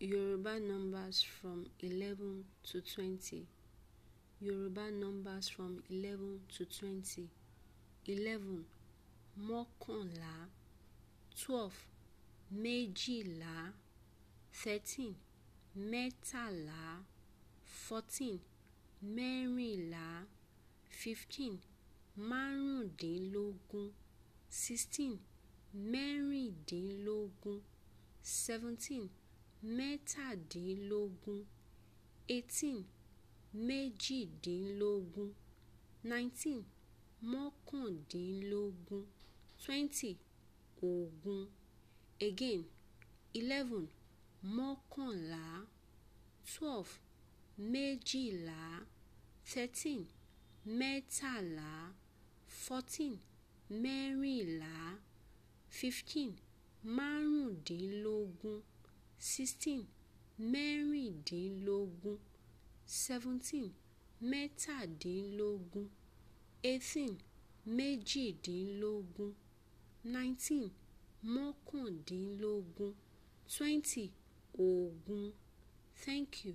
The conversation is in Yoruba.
Yoruba numbers from 11 to 20. Yoruba numbers from 11 to 20. 11 mọ́kànlá 12 méjìlá 13 mẹ́tàlá 14 mẹ́rìnlá 15 márùndínlógún 16 mẹ́rìndínlógún 17 mẹ́tàdínlógún eighteen méjìdínlógún nineteen mọ́kàndínlógún twenty ogún again eleven mọ́kànlá twelve méjìlá thirteen mẹ́tàlá fourteen mẹ́rìnlá fifteen márùndínlógún sixteen mẹ́rìndínlógún seventeen mẹ́tàdínlógún eighteen méjìdínlógún nineteen mọ́kàndínlógún twenty ogún. Thank you.